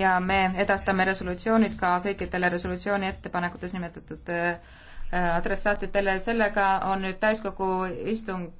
ja me edastame resolutsioonid ka kõikidele resolutsiooni ettepanekutes nimetatud äh, äh, adressaatidele. sellega on nüüd täiskogu istung